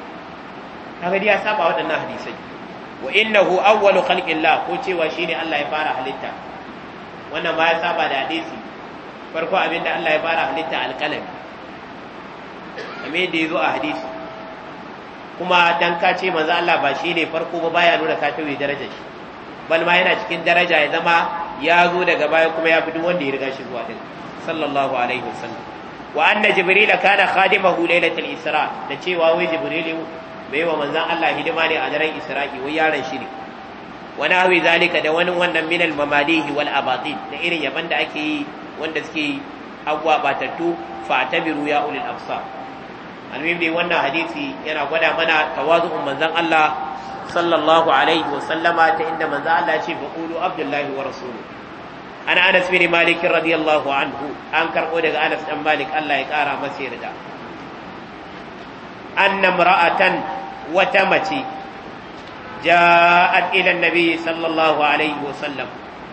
Speaker 1: kaga dai ya saba waɗannan hadisai wa innahu awwalu khalqillah ko cewa shine Allah ya fara halitta wannan ma ya saba da hadisi farko abinda Allah ya fara halitta alƙalami kamar da ya zo a hadisi kuma dan ka ce manzo Allah ba shi ne farko ba baya nuna ka tauye darajar shi bal ma yana cikin daraja ya zama ya zo daga baya kuma ya fi duk wanda ya riga shi zuwa din sallallahu alaihi wasallam wa anna jibril kana khadimahu lailatul isra da cewa wai jibril bai wa manzan Allah hidima ne a daren isra'i wai yaron shi ne wani nahwi zalika da wani wannan minal mamalihi wal abatin da irin yaban da ake yi wanda suke abuwa batattu fa tabiru ya ulil absar almuhim dai wannan hadisi yana gwada mana tawazu'un manzon Allah sallallahu alaihi wa sallama ta inda manzon Allah ce fa qulu abdullahi wa rasuluhu ana Anas bin Malik radiyallahu anhu an karbo daga Anas dan Malik Allah ya kara masa yarda anna mar'atan wata mace ja'at ila annabi sallallahu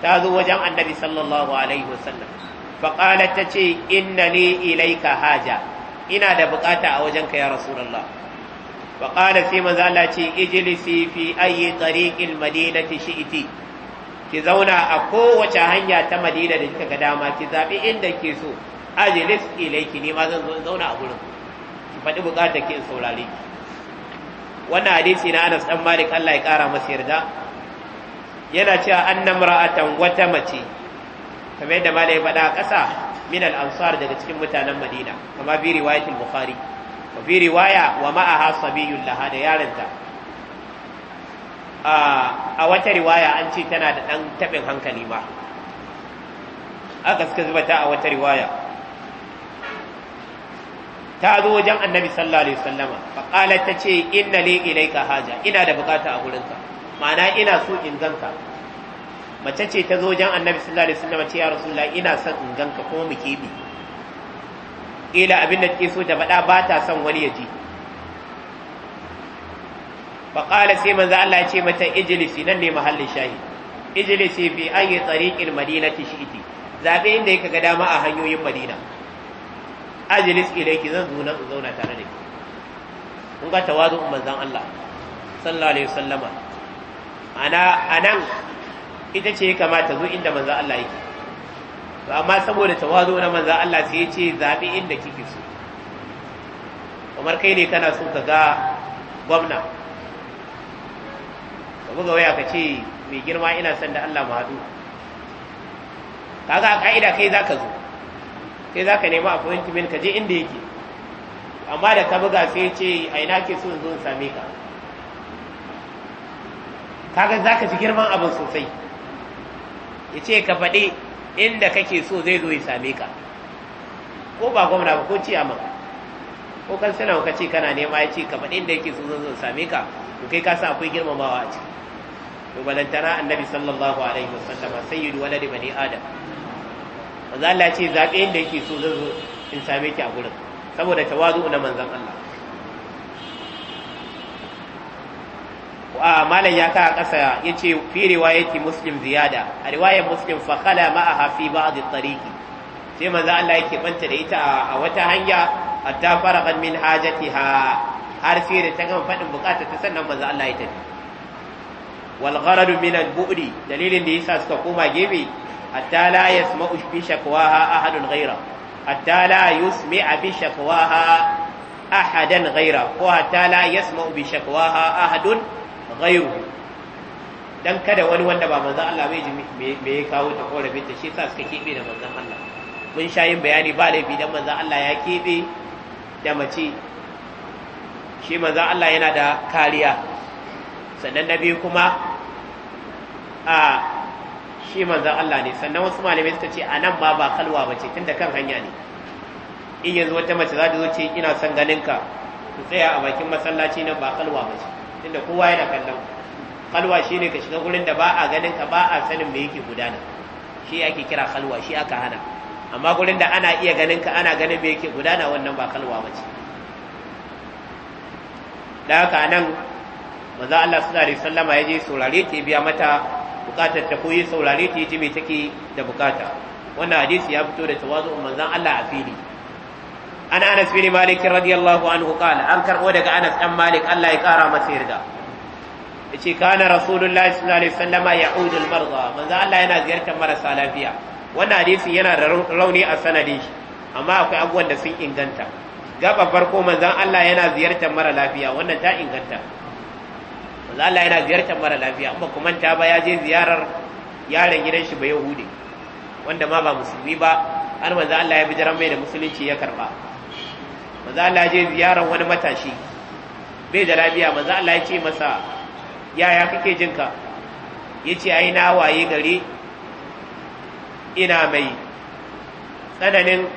Speaker 1: ta zo wajen annabi sallallahu alaihi wasallam fa qalat tace inna li haja ina da bukata a wajenka ya rasulullah fa qala sai manzo Allah ce ijlisi fi ayi tariqil madinati shi'ti ki zauna a kowace hanya ta madina da kika ga dama ki zabi inda ke so ajlis ilayki ne ma zan zo zauna a gurin ki faɗi bukatar ki in saurare wannan hadisi na Anas dan Malik Allah ya kara masa yarda yana cewa annam ra'atan wata mace kamar yadda malai ya faɗa ƙasa min al-ansar daga cikin mutanen Madina kama bi riwayatul Bukhari wa bi riwaya wa ma'aha sabiyyun laha da yarinta a wata riwaya an ce tana da ɗan taɓin hankali ma, aka suka zuba ta a wata riwaya ta zo wajen annabi sallallahu alaihi wasallama fa ta ce inna li ilayka haja ina da bukata a gurinka ma'ana ina so in ganka mace ce ta zo wajen annabi sallallahu alaihi wasallama ce ya rasulullah ina son in ganka kuma mu kebe ila abin da take so ta faɗa ba ta son wani ya ji fa qala sai manzo Allah ya ce mata ijlisi nan ne mahallin shahi ijlisi fi ayi tariqil madinati shi'ti zabe inda yake ga dama a hanyoyin madina ajlis ilayki zan zo na zauna tare da ke kun ga tawazu'un manzon Allah sallallahu alaihi wasallama ana anan ita ce ya kamata zo inda manzon Allah yake to amma saboda tawazu na manzon Allah sai ya ce zabi inda kike so kamar kai ne kana so ka ga gwamna ka buga waya ka ce mai girma ina son da Allah mu hadu kaga ka'ida kai za ka zo Sai za ka nemi appointment ka je inda yake amma da ka buga sai ce a ina ke so in zo in same ka kaga za ka ji girman abin sosai ya ce ka faɗi inda kake so zai zo ya same ka ko ba gwamna ba ko ciyaman ko suna ka ce kana nema ya ce ka faɗi inda yake so zan zo same ka to kai ka sa akwai girmamawa a ciki to balantana annabi sallallahu alaihi wasallam sayyidu waladi bani adam manzo Allah ya ce zaɓe inda yake so zan zo in same ki a gurin saboda tawazu na manzon Allah wa malam ya ka kasa yace fi riwayati muslim ziyada a riwayar muslim fa khala ma'aha fi ba'd at-tariqi sai manzo Allah yake banta da ita a wata hanya hatta faragan min hajatiha har sai da ta gama faɗin bukata ta sannan manzo Allah ya tafi wal gharadu min al bu'di dalilin da yasa suka koma gebe hatta la yasma'u bi shakwaha ahadun ghaira hatta la yusmi'a bi shakwaha ahadan ghaira ko hatta la yasma'u dan kada wani wanda ba manzon Allah bai ji me ya kawo ta korafin shi sa suka kebe da manzon Allah mun sha yin bayani ba laifi dan manzon Allah ya kebe da mace shi manzon Allah yana da kariya sannan na biyu kuma a shi manzan Allah ne sannan wasu malamai suka ce a nan ma ba kalwa ba ce tun da kan hanya ne in yanzu wata mace za ta zo ce ina son ganin ka ku tsaya a bakin masallaci nan ba kalwa ba ce Tun da kowa yana kallon kalwa shi ne ka shiga gurin da ba a ganin ka ba a sanin me yake gudana shi ake kira kalwa shi aka hana amma gurin da ana iya ganin ka ana ganin me yake gudana wannan ba kalwa ba ce da haka nan maza Allah sallallahu alaihi wasallama ya je saurare ke biya mata bukatar ta koyi saurare ta ji me take da bukata wannan hadisi ya fito da tawazu manzon Allah a fili an Anas bin Malik radiyallahu anhu qala an karbo daga Anas dan Malik Allah ya kara masa yarda yace kana rasulullahi sallallahu alaihi wasallam ya'udu al-marda manzon Allah yana ziyartar marasa lafiya wannan hadisi yana da rauni a sanadin shi amma akwai abubuwan da sun inganta gaba farko manzon Allah yana ziyartar mara lafiya wannan ta inganta manzo Allah yana ziyartar mara lafiya amma kuma manta ba ya je ziyarar yaron gidan shi ba yahudi wanda ma ba musulmi ba har manzo Allah ya bijiran mai da musulunci ya karba manzo Allah ya je ziyarar wani matashi bai da lafiya manzo Allah ya ce masa yaya kake jin ka yace ai na waye gari ina mai tsananin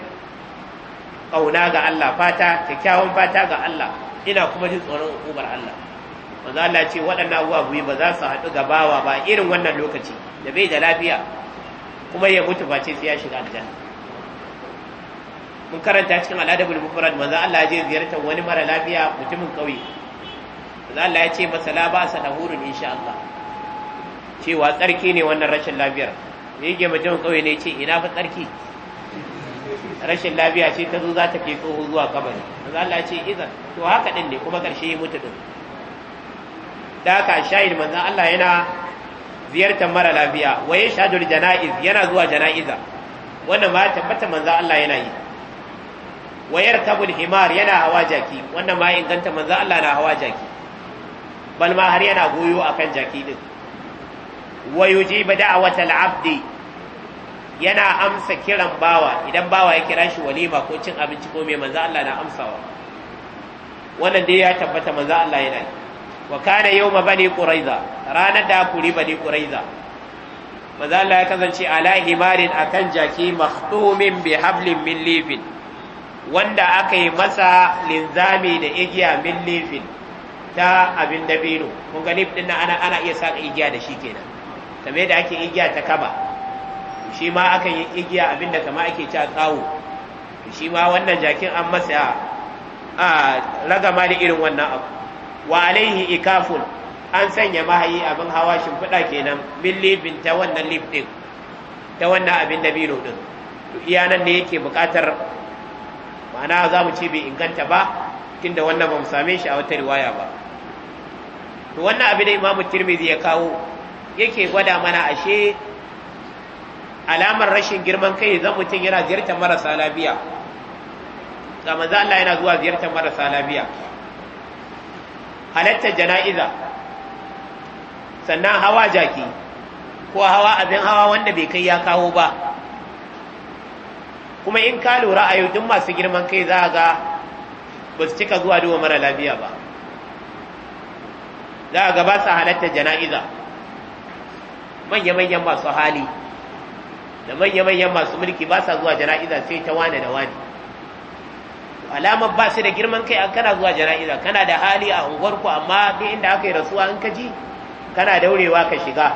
Speaker 1: ƙauna ga Allah fata kyakkyawan fata ga Allah ina kuma jin tsoron ubar Allah manzo Allah ce waɗannan abubuwa biyu ba za su haɗu gabawa bawa ba irin wannan lokaci da bai da lafiya kuma ya mutu face sai ya shiga aljanna mun karanta cikin al'adabul mufrad manzo Allah ya je ziyartar wani mara lafiya mutumin kauye manzo Allah ya ce masa la ba sa dahurun insha Allah cewa tsarki ne wannan rashin lafiyar me yake mutumin kauye ne ce ina fa tsarki rashin lafiya ce ta zo za ta ke tsoho zuwa kabari manzo Allah ya ce idan to haka din ne kuma karshe ya mutu din da haka shahid manzon Allah yana ziyartar mara lafiya wa yashhadul janaiz yana zuwa janaiza wannan ma tabbata manzon Allah yana yi wa yartabul himar yana hawa jaki wannan ma inganta manzon Allah na hawa jaki bal ma har yana goyo akan jaki din wa yujibu da'watal abdi yana amsa kiran bawa idan bawa ya kira shi walima ko cin abinci ko mai manzo Allah na amsawa wannan dai ya tabbata manzo Allah yana yi wa kana yawma bani quraiza ranar da kuri bani quraiza manzo Allah ya kasance ala himarin akan jaki mahtumin bi hablin min lifin wanda aka yi masa linzami da igiya min lifin ta abin dabino kun ga lif din ana ana iya saka igiya da shi kenan kamar yadda ake igiya ta kaba shi ma aka yi igiya abin da kama ake ci a tsawo shi ma wannan jakin an masa a ragama da irin wannan abu wa alaihi ikafun an sanya mahayi abin hawa shimfiɗa kenan min libin ta wannan lif ɗin ta wannan abin dabino ɗin to iya nan ne yake buƙatar ma'ana za mu ce bai inganta ba tunda wannan ba mu same shi a wata riwaya ba to wannan abin da imamu tirmidhi ya kawo yake gwada mana ashe alamar rashin girman kai zan mutum yana ziyartar marasa lafiya ga manzo Allah yana zuwa ziyarta marasa lafiya halattar jana'iza sannan hawa jaki ko hawa abin hawa wanda bai kai ya kawo ba kuma in ka lura a yau masu girman kai za ga ba su cika zuwa duwa mara lafiya ba za ga ba su halatta jana'iza manya-manyan masu hali da manya-manyan masu mulki ba sa zuwa jana'iza sai ta wane da wane alamar ba su da girman kai an kana zuwa jana'iza kana da hali a unguwarku amma duk inda aka yi rasuwa in ka ji kana daurewa ka shiga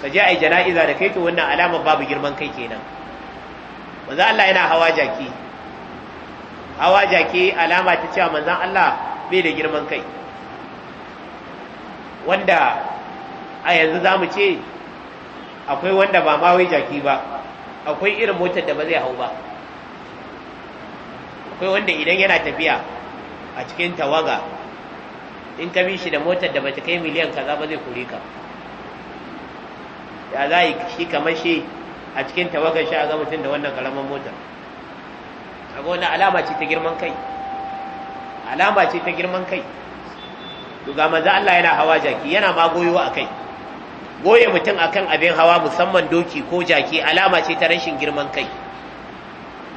Speaker 1: ka je a yi jana'iza da kai to wannan alamar babu girman kai kenan manzan Allah yana hawa jaki hawa jaki alama ta cewa manzan Allah bai da girman kai wanda a yanzu za mu ce akwai wanda ba ma jaki ba akwai irin motar da ba zai hau ba akwai wanda idan yana tafiya a cikin tawaga in ka bi shi da motar da bata kai miliyan kaza ba zai kore ka ya za yi shi kamar shi a cikin tawagar shi a ga mutum da wannan karamar motar a wani alama ce ta girman kai alama ce ta girman kai to ga manzo Allah yana hawa jaki yana ma goyo a kai goye mutum akan abin hawa musamman doki ko jaki alama ce ta rashin girman kai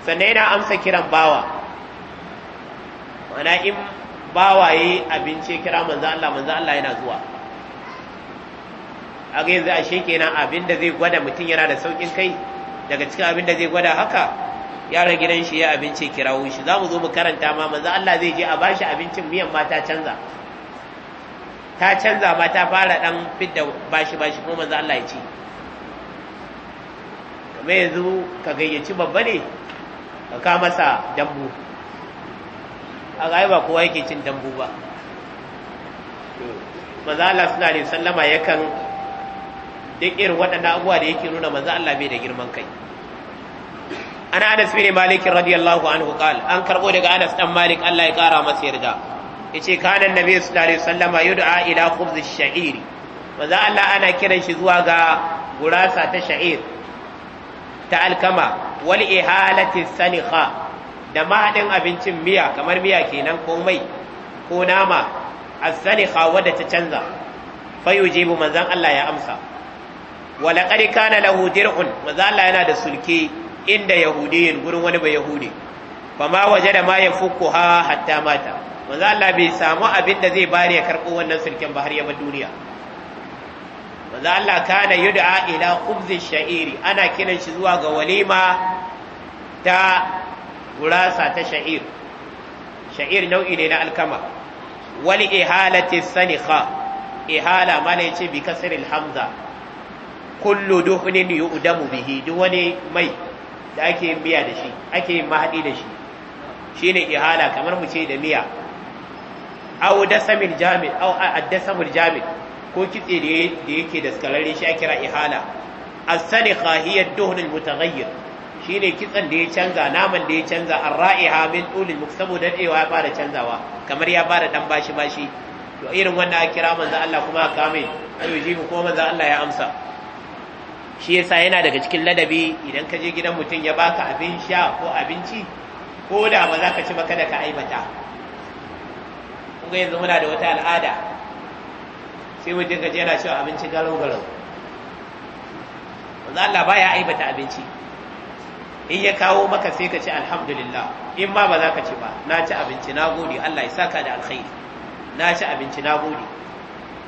Speaker 1: sannan yana amsa kiran bawa mana in bawaye abinci kira manzo Allah manzo Allah yana zuwa a ga yanzu ashe kenan abin da zai gwada mutum yana da saukin kai daga cikin abin da zai gwada haka yaran gidan shi ya abinci kirawo shi za mu zo mu karanta ma manzo Allah zai je a bashi abincin miyan ma ta canza ta canza ma ta fara dan fidda bashi bashi ko manzo Allah ya ci kamar yanzu ka gayyaci babba ne ka ka masa dambu a ga ba kowa yake cin dambu ba manzo Allah sallallahu alaihi wasallama yakan duk irin waɗannan abuwa da yake nuna manzo Allah bai da girman kai ana Anas bin Malik radiyallahu anhu qala an karbo daga Anas dan Malik Allah ya kara masa yarda yace kana annabi sallallahu alaihi wasallama yud'a ila khubz ash-sha'iri manzo Allah ana kiran shi zuwa ga gurasa ta sha'ir ta alkama wal ihalati sanikha da mahaɗin abincin miya kamar miya kenan ko mai ko nama as hawa wadda ta canza fayujibu manzan Allah ya amsa wa laqad kana lahu dir'un manzan Allah yana da sulke inda yahudiyin gurin wani ba yahudi waje da ma ha hatta mata manzan Allah bai samu abin da zai bari ya karɓo wannan sulken ba har ya bar duniya manzan Allah kana yud'a ila khubz sha'iri ana kiran shi zuwa ga walima ta gurasa ta sha'ir sha'ir nau'i ne na alkama wal ihalati sanikha ihala mana yace bi kasril hamza kullu duhnin yu'damu bihi duk wani mai da ake miya da shi ake mahadi da shi shine ihala kamar mu ce da miya aw dasamil jamil aw addasamul jamil ko kitse da yake daskararre shi a kira ihala as-sanikha hiya ad-duhn al-mutaghayyir shine kitsan da ya canza naman da ya canza arra'iha min tulil muk saboda dadewa ya fara canzawa kamar ya fara dan bashi bashi to irin wannan a kira manzo Allah kuma aka mai ayo ji ko manzo Allah ya amsa shi yasa yana daga cikin ladabi idan ka je gidan mutum ya baka abin sha ko abinci ko da ba za ka ci ba kada ka aibata kun ga yanzu muna da wata al'ada sai mutum ka je yana cewa abinci garau garau manzo Allah baya aibata abinci in ya kawo maka sai ka ce alhamdulillah in ma ba za ka ci ba na ci abinci na gode Allah ya saka da alkhairi na ci abinci na gode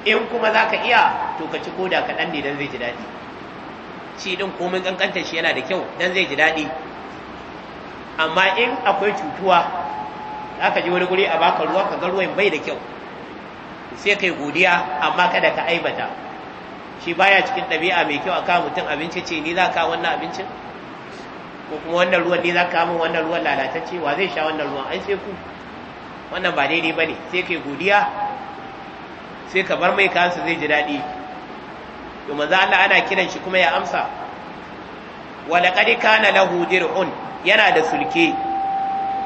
Speaker 1: in kuma za ka iya to ka ci koda kaɗan ne dan zai ji daɗi ci ɗin komai kankanta shi yana da kyau dan zai ji daɗi amma in akwai cutuwa za ka ji wani guri a baka ruwa ka ga ruwan bai da kyau sai kai godiya amma kada ka aibata shi baya cikin ɗabi'a mai kyau a kawo mutum abinci ce ni za ka wannan abincin ko kuma wannan ruwan ne za ka min wannan ruwan lalatacce wa zai sha wannan ruwan ai sai ku wannan ba daidai ba ne sai kai godiya sai ka bar mai kansa zai ji daɗi to manzo Allah ana kiran shi kuma ya amsa wa laqad kana lahu dir'un yana da sulke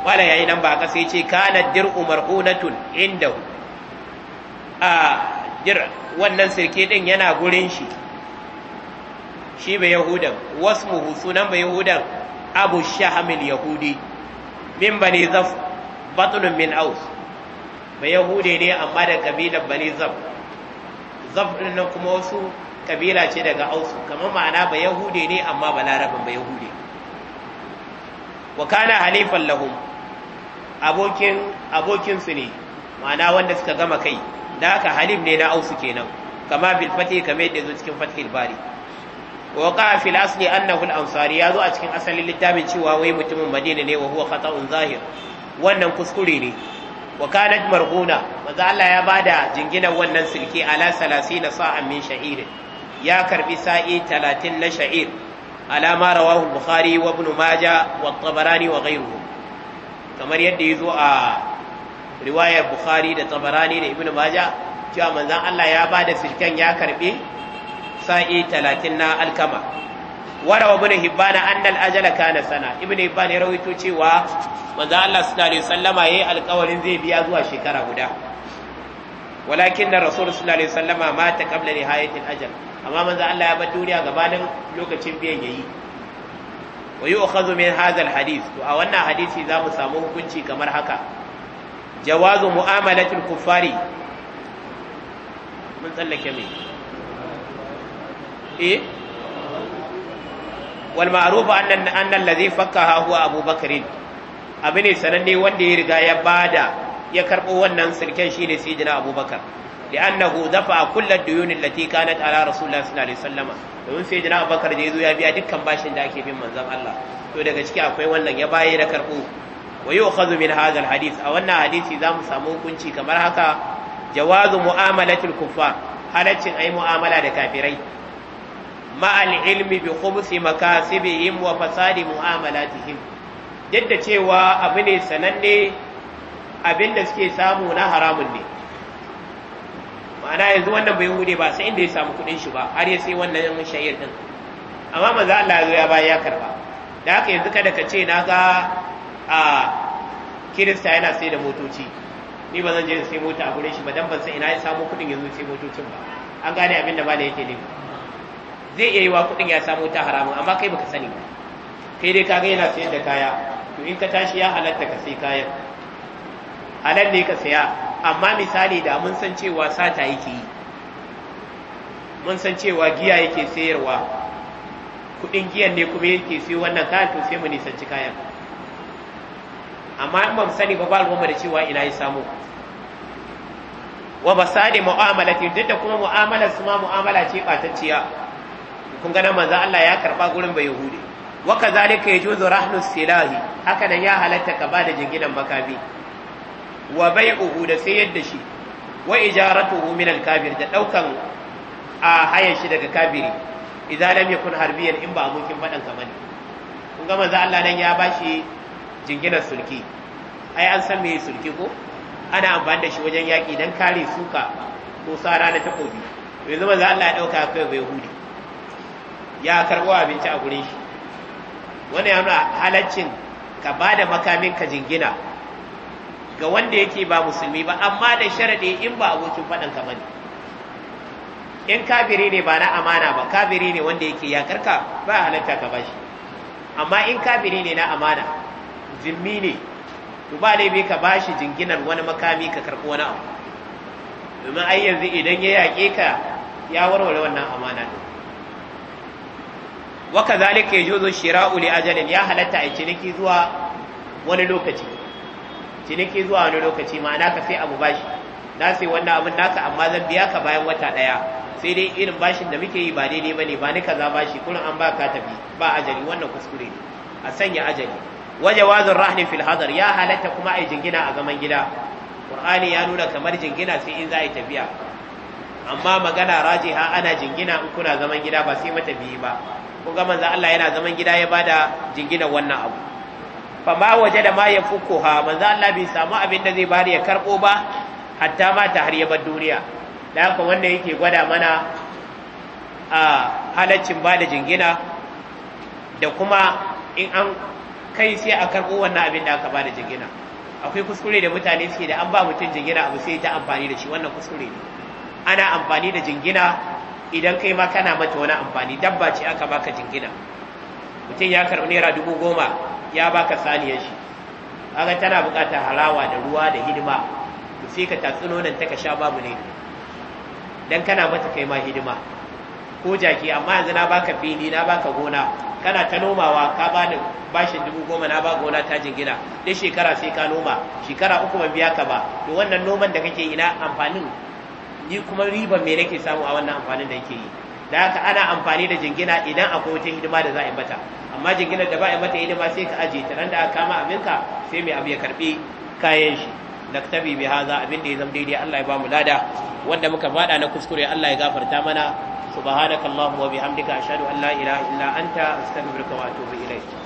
Speaker 1: wala yayi nan ba ka sai ce kana dir'u mar'unatun indahu a dir wannan sulke din yana gurin shi shi bai yahudan wasmuhu sunan bai yahudan abu shahamil yahudi min bani zaf batulun min aus mai yahudi ne amma da kabilar bani zaf zaf ɗin nan kuma wasu kabila ce daga ausu kamar ma'ana ba yahude ne amma ba larabin ba yahude wa kana halifan lahum abokin abokin su ne ma'ana wanda suka gama kai da haka halif ne na ausu kenan kama bil fatih kamar yadda zo cikin fathil bari wa waqa fil asli annahu ansari ya zo a cikin asalin littafin cewa wai mutumin madina ne wa huwa khata'un zahir wannan kuskure ne wa kanat marhuna manzo Allah ya bada jinginan wannan silke ala 30 sa'an min sha'ir ya karbi sa'i 30 na sha'ir ala ma rawahu bukhari wa ibn majah wa tabarani wa ghayruhu kamar yadda yazo a riwayar bukhari da tabarani da ibn majah cewa manzon Allah ya bada silken ya karbi sa'i talatin na alkama warawa bin hibbana annal ajala kana sana ibn hibban ya rawaito cewa manzo Allah sallallahu alaihi wasallama yayi alƙawarin zai biya zuwa shekara guda walakin da rasul sallallahu alaihi wasallama mata qabla nihayatil ajal amma manzo Allah ya bar duniya gabanin lokacin biyan yayi wa yu'khadhu min hadha al to a wannan hadisi za mu samu hukunci kamar haka jawazu mu'amalatil kuffari mun tsallake mai eh wal ma'ruf annan annal ladhi fakkaha huwa Abu abu ne sananne wanda ya riga ya bada ya karbo wannan sirken shine sayyidina abubakar Bakar li'annahu dafa kull ad-duyun allati na ala rasulillah suna da sallama domin sai Abu Bakar da zo ya biya dukkan bashin da ake bin manzon Allah to daga ciki akwai wannan ya baye da karbo wa yau min hadha hadis a wannan hadisi za mu samu hukunci kamar haka jawazu mu'amalatul kuffar halaccin ai mu'amala da kafirai ma'al ilmi bi khubthi makasibihim wa fasadi mu'amalatihim duk da cewa abu ne sananne abin da suke samu na haramun ne ma'ana yanzu wannan bai hude ba sai inda ya samu kudin shi ba har ya sai wannan shayir din amma manzo Allah ya baya ya karba da haka yanzu kada ka ce na ga a kirista yana sai da motoci ni ba zan je sai mota a gurin shi ba dan ban san ina ya samu kudin yanzu sai motocin ba an gane abinda ba da yake nufi zai iya yi wa kuɗin ya samu ta haramun amma kai baka sani ba kai dai kaga yana sayar da kaya to in ka tashi ya halatta ka sai kayan halal ne ka saya amma misali da mun san cewa sata yake yi mun san cewa giya yake sayarwa kuɗin giyan ne kuma yake sayo wannan kayan to sai mu nisanci kayan amma in ba mu sani ba ba da cewa ina ya samu wa basadi mu'amala duk da kuma mu'amalar su ma mu'amala ce batacciya kun ga nan manzo Allah ya karba gurin bai yahudi wa kadhalika yajuzu rahlus silahi haka nan ya halatta ka bada jinginan makabi wa bai'uhu da sayar da shi wa ijaratuhu min al-kafir da daukan a hayan shi daga kafiri idan lam yakun harbiyan in ba abokin fadan ka bane kun ga manzo Allah nan ya bashi jinginar sulki ai an san me sulki ko ana amfani da shi wajen yaki dan kare suka ko sara da takobi yanzu manzo Allah ya dauka kai bai yahudi ya karɓo abinci a gurin shi Wani ya halaccin ka ba da makamin ka jingina ga wanda yake ba musulmi ba amma da sharaɗi in ba abokin faɗin ka bane in kafiri ne ba na amana ba kafiri ne wanda yake ya karka ba halatta ka bashi amma in kafiri ne na amana zimmi ne to ba laifi ka bashi jinginar wani makami ka karɓi wani abu domin ai yanzu idan ya yaƙe ka ya warware wannan amana ɗin wa kadhalika yajuzu shira'u li ajalin ya halatta a ciniki zuwa wani lokaci ciniki zuwa wani lokaci ma'ana ka sai abu bashi na sai wannan abin naka amma zan biya ka bayan wata daya sai dai irin bashin da muke yi ba daidai bane ba ni kaza bashi kullum an ba ka tafi ba ajali wannan kuskure ne a sanya ajali waje wazin rahni fil hadar ya halatta kuma ai jingina a zaman gida qur'ani ya nuna kamar jingina sai in za a yi tafiya amma magana rajiha ana jingina in kuna zaman gida ba sai mata biyi ba ko ga manzo Allah yana zaman gida ya bada jingina wannan abu fa ma waje da ma ya fukuha manzo Allah bai samu abin da zai bari ya karbo ba hatta ma ta har ya bar duniya da haka wannan yake gwada mana a halaccin bada jingina da kuma in an kai sai a karɓo wannan abin da aka ba da akwai kuskure da mutane suke da an ba mutum jingina abu sai ta amfani da shi wannan kuskure ne ana amfani da jingina idan kai ma kana mata wani amfani dabba ce aka baka jingina mutum ya karɓi naira dubu goma ya baka saniyar shi kaga tana buƙatar halawa da ruwa da hidima to sai ka tatsuno nan ta ka sha babu ne dan kana mata kai ma hidima ko jaki amma yanzu na baka fili na baka gona kana ta nomawa ka bani bashin dubu goma na ba gona ta jingina dai shekara sai ka noma shekara uku ban biya ka ba to wannan noman da kake ina amfanin ni kuma riban me nake samu a wannan amfanin da yake yi da haka ana amfani da jingina idan akwai wata hidima da za a mata amma jinginar da ba a mata hidima sai ka aje ta da aka kama abinka sai mai abu ya karbi kayan shi naktabi bi haza abin da ya zama daidai Allah ya ba lada wanda muka faɗa na kuskure Allah ya gafarta mana subhanakallahumma wa bihamdika ashhadu an la ilaha illa anta astaghfiruka wa atubu ilayk